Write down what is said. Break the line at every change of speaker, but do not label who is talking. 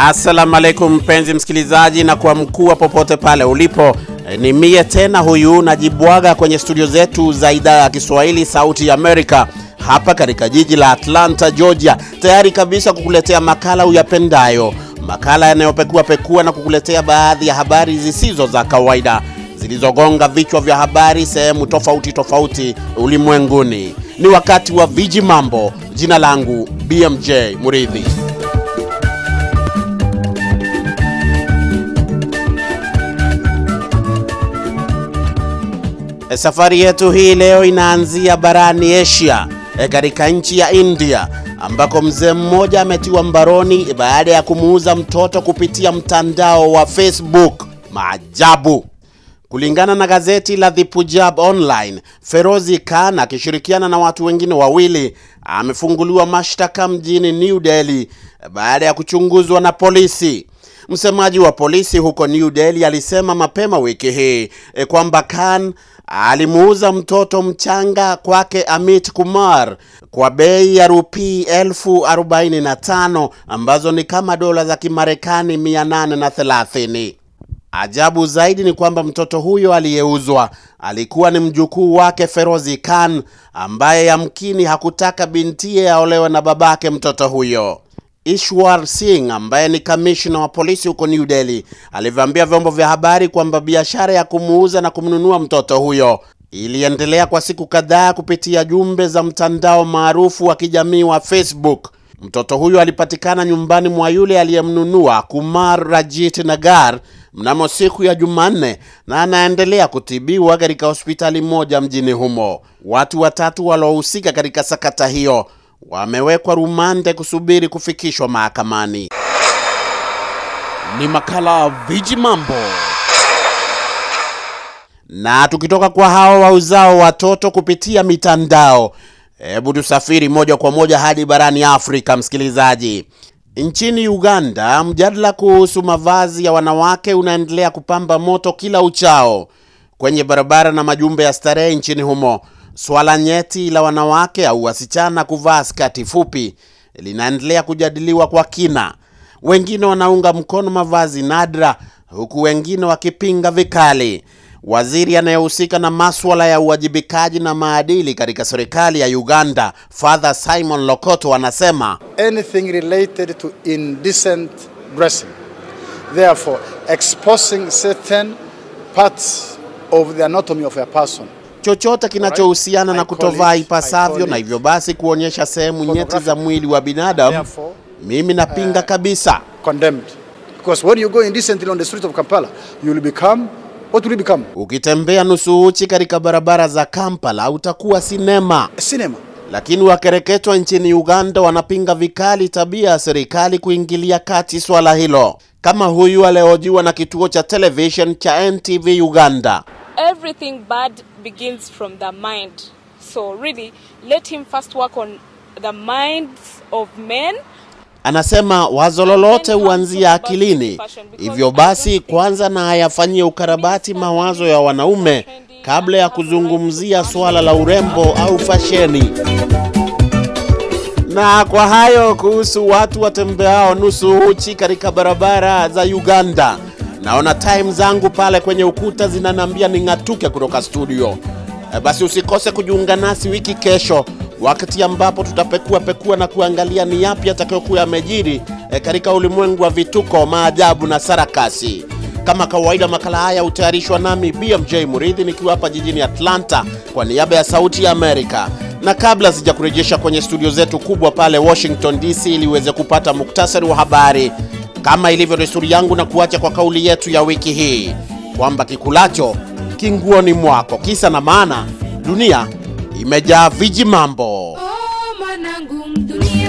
Assalamu alaikum mpenzi msikilizaji, na kwa mkuu popote pale ulipo, eh, ni mie tena huyu najibwaga kwenye studio zetu za idhaa ya Kiswahili Sauti ya Amerika hapa katika jiji la Atlanta, Georgia, tayari kabisa kukuletea makala uyapendayo, makala yanayopekua pekua na kukuletea baadhi ya habari zisizo za kawaida zilizogonga vichwa vya habari sehemu tofauti tofauti ulimwenguni. Ni wakati wa viji mambo. Jina langu BMJ Muridhi. E, safari yetu hii leo inaanzia barani Asia e, katika nchi ya India ambako mzee mmoja ametiwa mbaroni baada ya kumuuza mtoto kupitia mtandao wa Facebook. Maajabu. Kulingana na gazeti la The Punjab Online, Ferozi Khan akishirikiana na watu wengine wawili amefunguliwa mashtaka mjini New Delhi baada ya kuchunguzwa na polisi. Msemaji wa polisi huko New Delhi alisema mapema wiki hii e, kwamba Khan alimuuza mtoto mchanga kwake Amit Kumar kwa bei ya rupii elfu arobaini na tano ambazo ni kama dola za Kimarekani na 830. Ajabu zaidi ni kwamba mtoto huyo aliyeuzwa alikuwa ni mjukuu wake Ferozi Khan ambaye yamkini hakutaka bintiye aolewe na babake mtoto huyo. Ishwar Singh ambaye ni kamishna wa polisi huko New Delhi alivyoambia vyombo vya habari kwamba biashara ya kumuuza na kumnunua mtoto huyo iliendelea kwa siku kadhaa kupitia jumbe za mtandao maarufu wa kijamii wa Facebook. Mtoto huyo alipatikana nyumbani mwa yule aliyemnunua Kumar Rajit Nagar mnamo siku ya Jumanne na anaendelea kutibiwa katika hospitali moja mjini humo. Watu watatu walohusika katika sakata hiyo wamewekwa rumande kusubiri kufikishwa mahakamani. Ni makala Viji Mambo, na tukitoka kwa hao wauzao watoto kupitia mitandao, hebu tusafiri moja kwa moja hadi barani Afrika, msikilizaji. Nchini Uganda, mjadala kuhusu mavazi ya wanawake unaendelea kupamba moto kila uchao kwenye barabara na majumba ya starehe nchini humo, Swala nyeti la wanawake au wasichana kuvaa skati fupi linaendelea kujadiliwa kwa kina. Wengine wanaunga mkono mavazi nadra, huku wengine wakipinga vikali. Waziri anayehusika na maswala ya uwajibikaji na maadili katika serikali ya Uganda, Father Simon Lokoto, anasema anything related to indecent dressing therefore exposing certain parts of the anatomy of a person chochote kinachohusiana na kutovaa ipasavyo na hivyo basi kuonyesha sehemu nyeti za mwili wa binadamu, mimi napinga uh, kabisa. Ukitembea nusu uchi katika barabara za Kampala utakuwa sinema. Sinema. Lakini wakereketwa nchini Uganda wanapinga vikali tabia ya serikali kuingilia kati swala hilo, kama huyu aliyehojiwa na kituo cha television cha NTV Uganda everything bad begins from the mind. So really, let him first work on the minds of men. Anasema wazo lolote huanzia akilini, hivyo basi kwanza na ayafanyie ukarabati mawazo ya wanaume kabla ya kuzungumzia suala la urembo au fasheni. Na kwa hayo kuhusu watu watembeao nusu uchi katika barabara za Uganda. Naona time zangu pale kwenye ukuta ni ning'atuke kutoka studio. E, basi usikose kujiunga nasi wiki kesho wakati ambapo tutapekua pekua na kuangalia ni yapi atakayokuwa yamejiri e, katika ulimwengu wa vituko, maajabu na sarakasi. Kama kawaida, makala haya hutayarishwa nami BMJ Muridhi nikiwa hapa jijini Atlanta kwa niaba ya Sauti ya Amerika, na kabla sijakurejesha kwenye studio zetu kubwa pale Washington DC ili uweze kupata muktasari wa habari kama ilivyo desturi yangu, na kuacha kwa kauli yetu ya wiki hii kwamba kikulacho kinguoni mwako. Kisa na maana, dunia imejaa viji mambo. Oh,